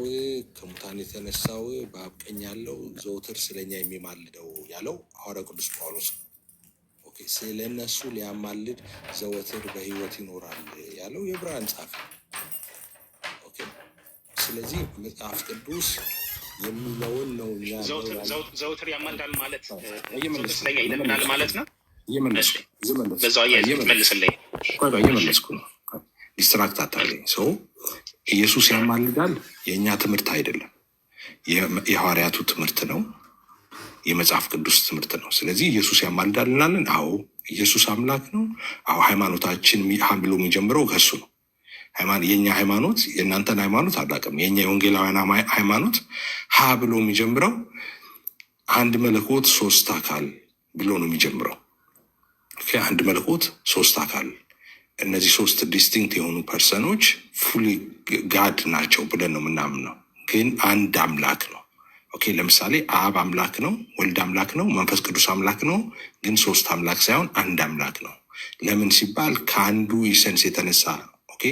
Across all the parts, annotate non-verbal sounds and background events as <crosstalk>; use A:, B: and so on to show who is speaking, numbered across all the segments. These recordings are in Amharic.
A: ው ከሙታን የተነሳው በአብ ቀኝ ያለው ዘውትር ስለኛ የሚማልደው ያለው ሐዋርያው ቅዱስ ጳውሎስ ነው። ስለ እነሱ ሊያማልድ ዘወትር በህይወት ይኖራል ያለው የዕብራውያን ጻፊ ስለዚህ መጽሐፍ ቅዱስ የሚለውን ነው
B: ዘውትር ያማልዳል ማለት ስለኛ ይለምናል ማለት ነው። ይመልስልኝ፣ ይመልስልኝ፣
A: ዲስትራክት አታለኝ ሰው ኢየሱስ ያማልዳል የእኛ ትምህርት አይደለም፣ የሐዋርያቱ ትምህርት ነው፣ የመጽሐፍ ቅዱስ ትምህርት ነው። ስለዚህ ኢየሱስ ያማልዳል እናለን። አዎ ኢየሱስ አምላክ ነው። አዎ ሃይማኖታችን ብሎ የሚጀምረው ከሱ ነው። የእኛ ሃይማኖት የእናንተን ሃይማኖት አላውቅም። የእኛ የወንጌላውያን ሃይማኖት ሀ ብሎ የሚጀምረው አንድ መለኮት ሶስት አካል ብሎ ነው የሚጀምረው። አንድ መለኮት ሶስት አካል እነዚህ ሶስት ዲስቲንክት የሆኑ ፐርሰኖች ፉሊ ጋድ ናቸው ብለን ነው የምናምነው። ግን አንድ አምላክ ነው። ኦኬ ለምሳሌ አብ አምላክ ነው፣ ወልድ አምላክ ነው፣ መንፈስ ቅዱስ አምላክ ነው። ግን ሶስት አምላክ ሳይሆን አንድ አምላክ ነው። ለምን ሲባል ከአንዱ ኢሰንስ የተነሳ ኦኬ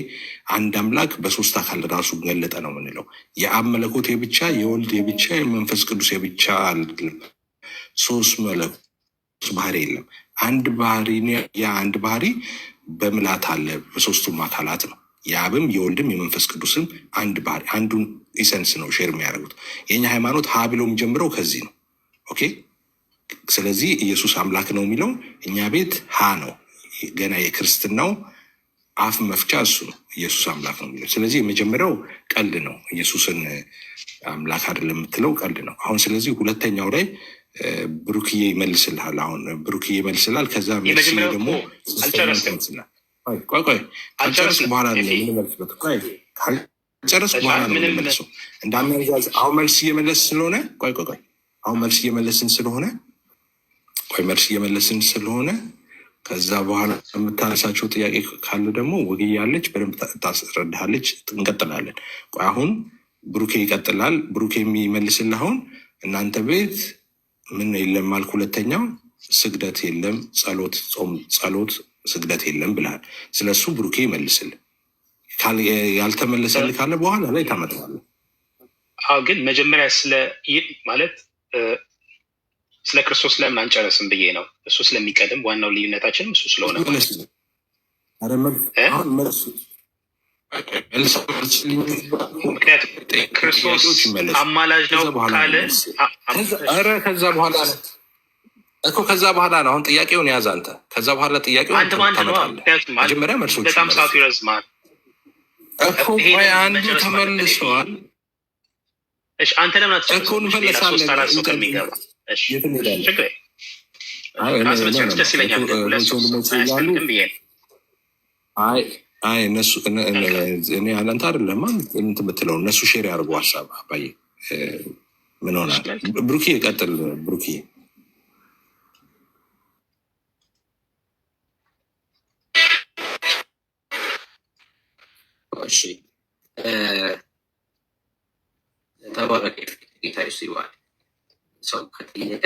A: አንድ አምላክ በሶስት አካል ራሱ ገለጠ ነው የምንለው። የአብ መለኮት የብቻ የወልድ የብቻ የመንፈስ ቅዱስ የብቻ አይደለም። ሶስት መለኮት ባህሪ የለም። አንድ ባህሪ ያ አንድ ባህሪ በምላት አለ በሶስቱም አካላት ነው። የአብም የወልድም የመንፈስ ቅዱስም አንድ ባህሪ አንዱን ኢሰንስ ነው ሼር የሚያደርጉት። የኛ ሃይማኖት ሀ ብሎ የሚጀምረው ከዚህ ነው። ኦኬ ስለዚህ ኢየሱስ አምላክ ነው የሚለው እኛ ቤት ሀ ነው። ገና የክርስትናው አፍ መፍቻ እሱ ነው። ኢየሱስ አምላክ ነው የሚለው ስለዚህ የመጀመሪያው ቀልድ ነው። ኢየሱስን አምላክ አይደለም የምትለው ቀልድ ነው። አሁን ስለዚህ ሁለተኛው ላይ ብሩክዬ ይመልስልሃል። አሁን ብሩክዬ ይመልስልሃል። ከዛ መልስ ደግሞ ቆይ በኋላ የምንመልስበት በኋላ ነው የምንመልሰው። እንዳናንዛዝ አሁን መልስ እየመለስ ስለሆነ ቆይ ቆይ ቆይ አሁን መልስ እየመለስን ስለሆነ ቆይ መልስ እየመለስን ስለሆነ ከዛ በኋላ የምታነሳቸው ጥያቄ ካለ ደግሞ ወግዬ ያለች በደንብ ታስረዳሃለች። እንቀጥላለን። ቆይ አሁን ብሩኬ ይቀጥላል። ብሩኬ የሚመልስልህ አሁን እናንተ ቤት ምን የለም አልክ። ሁለተኛው ስግደት የለም፣ ጸሎት ጾም፣ ጸሎት ስግደት የለም ብልሃል። ስለ እሱ ብሩኬ ይመልስል። ያልተመለሰል ካለ በኋላ ላይ ታመጣዋለህ። ግን መጀመሪያ ስለ ማለት ስለ ክርስቶስ ለምን አንጨረስም ብዬ ነው። እሱ ስለሚቀድም ዋናው ልዩነታችንም እሱ ስለሆነ ክርስቶስ አማላጅ ነው ካለ ከዛ በኋላ እኮ ከዛ በኋላ ነው። አሁን ጥያቄውን ያዝ አንተ። ከዛ በኋላ ጥያቄውን መጀመሪያ በጣም ሰዓቱ ይረዝማል እኮ አንዱ ተመልሰዋል። እሺ አንተ ለምን አትችልም? ሰው ሁለት አይ እነሱ እኔ ያለንተ አይደለማ እንትን የምትለው እነሱ ሼር ያደርጉ ሀሳብ አባዬ ምን ሆናል? ብሩኪ ቀጥል። ብሩኪ እሺ፣ ተባረክ ጌታ ይባል ሰው ከጥያቄ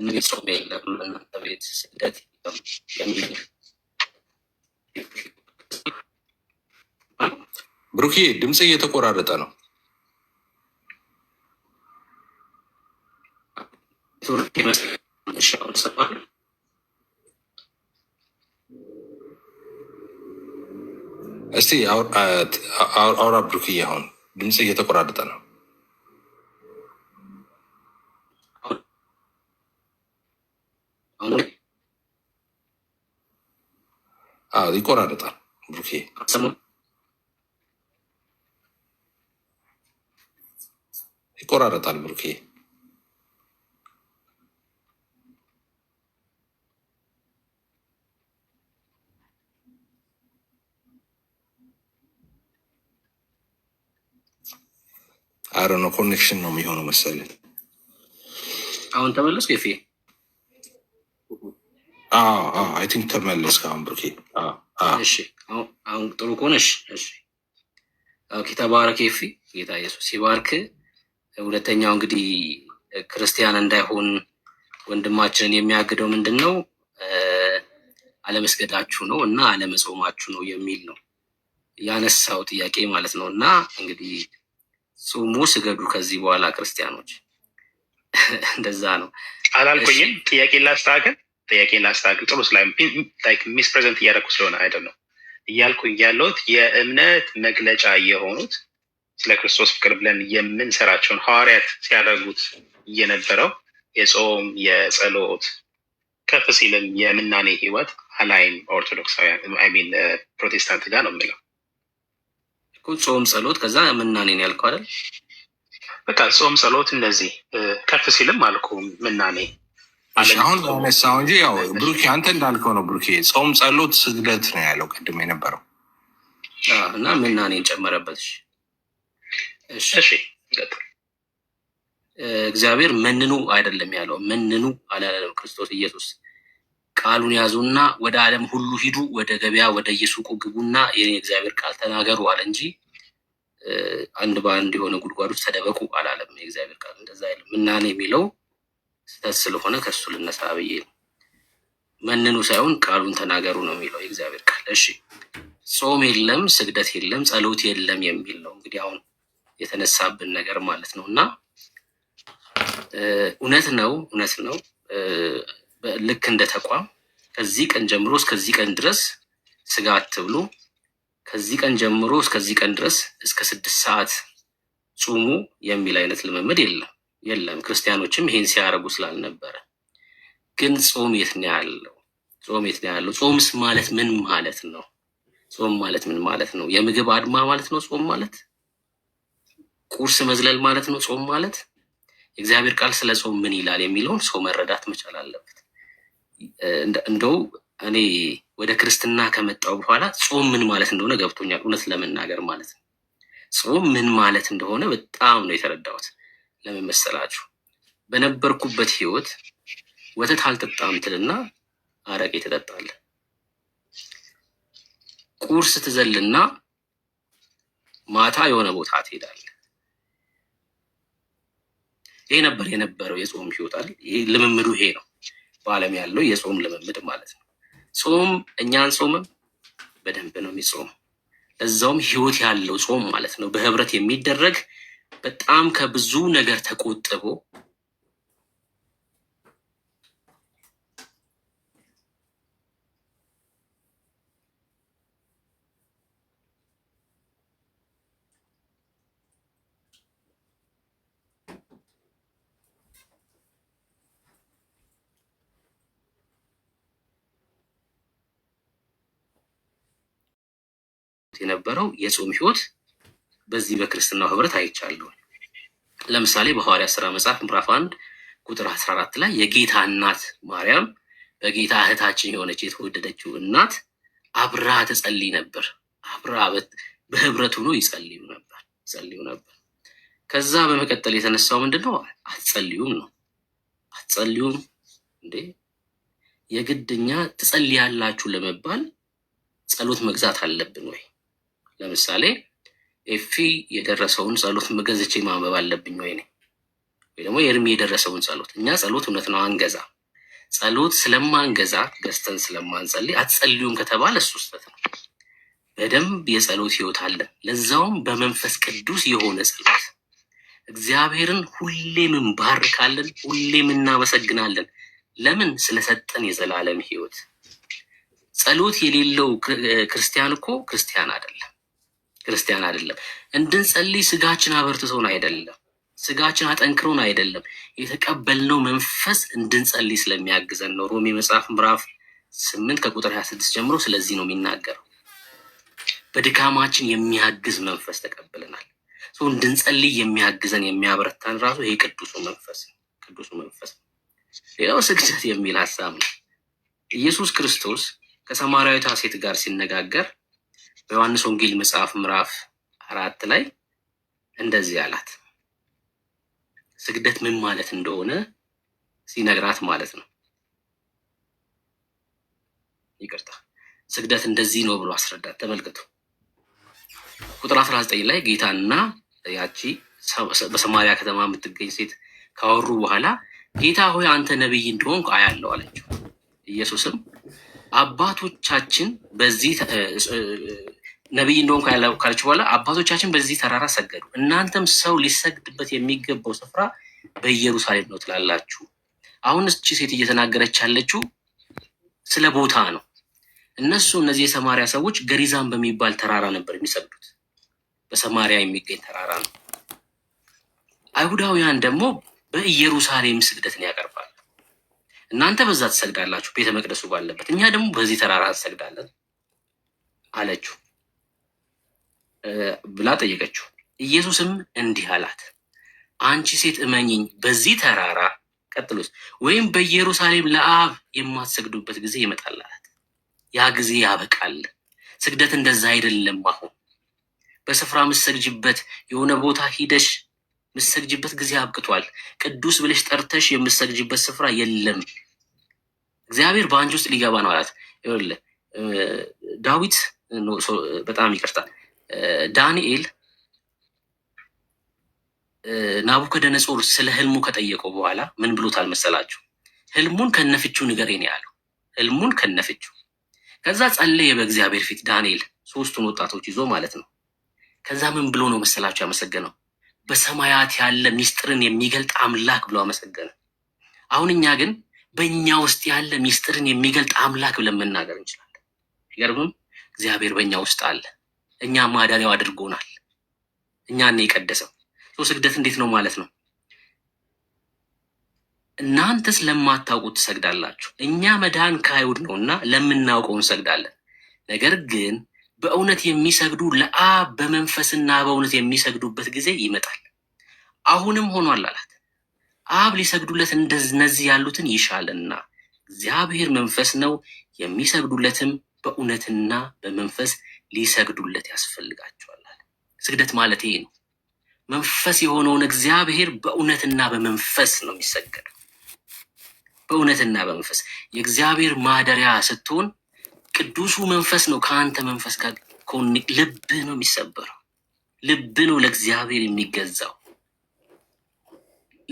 A: እንግዲህ ጾም የለም በእናንተ ቤት ስደት የሚል ብሩኬ፣ ድምፅ እየተቆራረጠ ነው። እስቲ አውራ ብሩክዬ፣ አሁን ድምፅ እየተቆራረጠ ነው። ይቆራረጣል። ብሩኬ ይቆራረጣል። ብሩኬ አረ ነው ኮኔክሽን ነው የሚሆነው መሰለኝ። አሁን ተመለስኩ የፊ አይ ቲንክ ተመለስክ አሁን ብሩኬ እሺ አሁን ጥሩ ከሆነሽ እሺ። ኦኬ ተባረክ ኤፊ፣ ጌታ ኢየሱስ ይባርክ ሁለተኛው እንግዲህ ክርስቲያን እንዳይሆን ወንድማችንን የሚያግደው ምንድን ነው? አለመስገዳችሁ ነው እና አለመጾማችሁ ነው የሚል ነው ያነሳው ጥያቄ ማለት ነው። እና እንግዲህ ጾሙ ስገዱ ከዚህ በኋላ ክርስቲያኖች <laughs> እንደዛ ነው። አላልኩኝም። ጥያቄ ላስተካክል ጥያቄ ላስተካክል። ጥሩ ስላይ ሚስ ፕሬዘንት እያደረኩ ስለሆነ አይደል ነው እያልኩኝ ያለሁት የእምነት መግለጫ የሆኑት ስለ ክርስቶስ ፍቅር ብለን የምንሰራቸውን ሐዋርያት ሲያደርጉት እየነበረው የጾም የጸሎት ከፍ ሲልም የምናኔ ህይወት አላይን ኦርቶዶክሳውያን uh, ፕሮቴስታንት ጋር ነው የምለው። ጾም ጸሎት፣ ከዛ ምናኔን ያልከው አይደል? በቃ ጾም ጸሎት፣ እነዚህ uh, ከፍ ሲልም አልኩ ምናኔ አሁን አነሳው እንጂ ያው ብሩኬ አንተ እንዳልከው ነው። ብሩኬ ጾም፣ ጸሎት፣ ስግደት ነው ያለው ቅድም የነበረው እና ምናኔን ጨመረበት። እሺ እግዚአብሔር መንኑ አይደለም ያለው መንኑ አላለም። ክርስቶስ ኢየሱስ ቃሉን ያዙና ወደ ዓለም ሁሉ ሂዱ፣ ወደ ገበያ ወደ እየሱቁ ግቡና የኔ እግዚአብሔር ቃል ተናገሩ አለ እንጂ አንድ በአንድ የሆነ ጉድጓድ ውስጥ ተደበቁ አላለም። የእግዚአብሔር ቃል እንደዛ አይልም። ምናኔ የሚለው ስህተት ስለሆነ ከሱ ልነሳ ብዬ ነው። መንኑ ሳይሆን ቃሉን ተናገሩ ነው የሚለው የእግዚአብሔር ቃል። እሺ ጾም የለም ስግደት የለም ጸሎት የለም የሚል ነው እንግዲህ አሁን የተነሳብን ነገር ማለት ነው። እና እውነት ነው እውነት ነው ልክ እንደ ተቋም ከዚህ ቀን ጀምሮ እስከዚህ ቀን ድረስ ስጋ አትብሉ፣ ከዚህ ቀን ጀምሮ እስከዚህ ቀን ድረስ እስከ ስድስት ሰዓት ጹሙ የሚል አይነት ልምምድ የለም። የለም። ክርስቲያኖችም ይህን ሲያደርጉ ስላልነበረ ግን ጾም የት ነው ያለው? ጾም የት ነው ያለው? ጾምስ ማለት ምን ማለት ነው? ጾም ማለት ምን ማለት ነው? የምግብ አድማ ማለት ነው። ጾም ማለት ቁርስ መዝለል ማለት ነው። ጾም ማለት የእግዚአብሔር ቃል ስለ ጾም ምን ይላል የሚለውን ሰው መረዳት መቻል አለበት። እንደው እኔ ወደ ክርስትና ከመጣው በኋላ ጾም ምን ማለት እንደሆነ ገብቶኛል፣ እውነት ለመናገር ማለት ነው። ጾም ምን ማለት እንደሆነ በጣም ነው የተረዳሁት። ለምን መሰላችሁ? በነበርኩበት ህይወት ወተት አልጠጣም ትልና አረቄ ትጠጣለ ቁርስ ትዘልና ማታ የሆነ ቦታ ትሄዳለ። ይሄ ነበር የነበረው የጾም ህይወት አይደል? ይሄ ልምምዱ ይሄ ነው። በዓለም ያለው የጾም ልምምድ ማለት ነው። ጾም እኛን ጾምም በደንብ ነው የሚጾም እዛውም ህይወት ያለው ጾም ማለት ነው። በህብረት የሚደረግ በጣም ከብዙ ነገር ተቆጥቦ የነበረው የጾም ህይወት በዚህ በክርስትናው ህብረት አይቻለሁ። ለምሳሌ በሐዋርያ ስራ መጽሐፍ ምዕራፍ አንድ ቁጥር አስራ አራት ላይ የጌታ እናት ማርያም በጌታ እህታችን የሆነች የተወደደችው እናት አብራ ትጸልይ ነበር። አብራ በህብረት ሆኖ ይጸልዩ ነበር ይጸልዩ ነበር። ከዛ በመቀጠል የተነሳው ምንድን ነው? አትጸልዩም ነው። አትጸልዩም እንዴ? የግድኛ ትጸልያላችሁ ለመባል ጸሎት መግዛት አለብን ወይ? ለምሳሌ ኤፊ የደረሰውን ጸሎት መገዝቼ ማንበብ አለብኝ ወይ ነኝ ወይ ደግሞ የእርሜ የደረሰውን ጸሎት። እኛ ጸሎት እውነት ነው አንገዛ ጸሎት ስለማንገዛ ገዝተን ስለማንጸልይ አትጸልዩም ከተባለ እሱ ስህተት ነው። በደንብ የጸሎት ህይወት አለን። ለዛውም በመንፈስ ቅዱስ የሆነ ጸሎት እግዚአብሔርን ሁሌም እንባርካለን፣ ሁሌም እናመሰግናለን። ለምን? ስለሰጠን የዘላለም ህይወት። ጸሎት የሌለው ክርስቲያን እኮ ክርስቲያን አይደለም። ክርስቲያን አይደለም። እንድንጸልይ ስጋችን አበርትቶን አይደለም፣ ስጋችን አጠንክሮን አይደለም። የተቀበልነው መንፈስ እንድንጸልይ ስለሚያግዘን ነው። ሮሜ መጽሐፍ ምዕራፍ ስምንት ከቁጥር ሀያ ስድስት ጀምሮ ስለዚህ ነው የሚናገረው። በድካማችን የሚያግዝ መንፈስ ተቀብለናል። እንድንጸልይ የሚያግዘን የሚያበረታን ራሱ ይሄ ቅዱሱ መንፈስ ቅዱሱ መንፈስ ነው። ሌላው ስግደት የሚል ሀሳብ ነው። ኢየሱስ ክርስቶስ ከሰማርያዊቷ ሴት ጋር ሲነጋገር በዮሐንስ ወንጌል መጽሐፍ ምዕራፍ አራት ላይ እንደዚህ አላት። ስግደት ምን ማለት እንደሆነ ሲነግራት ማለት ነው። ይቅርታ ስግደት እንደዚህ ነው ብሎ አስረዳት። ተመልክቱ ቁጥር 19 ላይ ጌታና ያቺ በሰማሪያ ከተማ የምትገኝ ሴት ካወሩ በኋላ ጌታ ሆይ አንተ ነቢይ እንደሆን አያለው አለችው። ኢየሱስም አባቶቻችን በዚህ ነቢይ እንደሆንኩ ካለች በኋላ አባቶቻችን በዚህ ተራራ ሰገዱ፣ እናንተም ሰው ሊሰግድበት የሚገባው ስፍራ በኢየሩሳሌም ነው ትላላችሁ። አሁን እቺ ሴት እየተናገረች ያለችው ስለ ቦታ ነው። እነሱ እነዚህ የሰማሪያ ሰዎች ገሪዛን በሚባል ተራራ ነበር የሚሰግዱት። በሰማሪያ የሚገኝ ተራራ ነው። አይሁዳውያን ደግሞ በኢየሩሳሌም ስግደትን ያቀርባል። እናንተ በዛ ትሰግዳላችሁ፣ ቤተ መቅደሱ ባለበት፣ እኛ ደግሞ በዚህ ተራራ ትሰግዳለን አለችው። ብላ ጠየቀችው። ኢየሱስም እንዲህ አላት፣ አንቺ ሴት እመኝኝ፣ በዚህ ተራራ ቀጥሎስ ወይም በኢየሩሳሌም ለአብ የማትሰግዱበት ጊዜ ይመጣል አላት። ያ ጊዜ ያበቃል። ስግደት እንደዛ አይደለም። አሁን በስፍራ ምሰግጅበት የሆነ ቦታ ሂደሽ ምሰግጅበት ጊዜ አብቅቷል። ቅዱስ ብለሽ ጠርተሽ የምሰግጅበት ስፍራ የለም። እግዚአብሔር በአንቺ ውስጥ ሊገባ ነው አላት። ዳዊት በጣም ይቀርጣል። ዳንኤል ናቡከደነጾር ስለ ህልሙ ከጠየቀው በኋላ ምን ብሎታል መሰላችሁ? ህልሙን ከነፍቹ ንገሬን ያለው ህልሙን ከነፍቹ። ከዛ ጸለየ በእግዚአብሔር ፊት ዳንኤል ሶስቱን ወጣቶች ይዞ ማለት ነው። ከዛ ምን ብሎ ነው መሰላችሁ ያመሰገነው? በሰማያት ያለ ሚስጥርን የሚገልጥ አምላክ ብሎ አመሰገነ። አሁን እኛ ግን በእኛ ውስጥ ያለ ሚስጥርን የሚገልጥ አምላክ ብለን መናገር እንችላለን። ይገርምም እግዚአብሔር በእኛ ውስጥ አለ። እኛ ማዳሪያው አድርጎናል። እኛ ነው የቀደሰው። ስግደት እንዴት ነው ማለት ነው? እናንተስ ለማታውቁት ትሰግዳላችሁ። እኛ መዳን ከአይሁድ ነውና ለምናውቀው እንሰግዳለን። ነገር ግን በእውነት የሚሰግዱ ለአብ በመንፈስና በእውነት የሚሰግዱበት ጊዜ ይመጣል፣ አሁንም ሆኗል አላት። አብ ሊሰግዱለት እንደነዚህ ያሉትን ይሻልና እግዚአብሔር መንፈስ ነው፣ የሚሰግዱለትም በእውነትና በመንፈስ ሊሰግዱለት ያስፈልጋቸዋል። ስግደት ማለት ይሄ ነው። መንፈስ የሆነውን እግዚአብሔር በእውነትና በመንፈስ ነው የሚሰገደው። በእውነትና በመንፈስ የእግዚአብሔር ማደሪያ ስትሆን ቅዱሱ መንፈስ ነው ከአንተ መንፈስ ጋር ልብ ነው የሚሰበረው። ልብ ነው ለእግዚአብሔር የሚገዛው።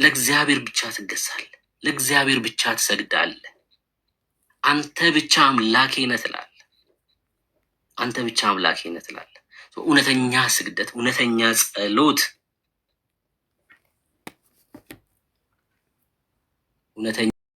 A: ለእግዚአብሔር ብቻ ትገዛለ ለእግዚአብሔር ብቻ ትሰግዳለህ። አንተ ብቻ አምላኬ ነህ ትላለህ። አንተ ብቻ አምላኬ ነህ ትላለህ። እውነተኛ ስግደት፣ እውነተኛ ጸሎት፣ እውነተኛ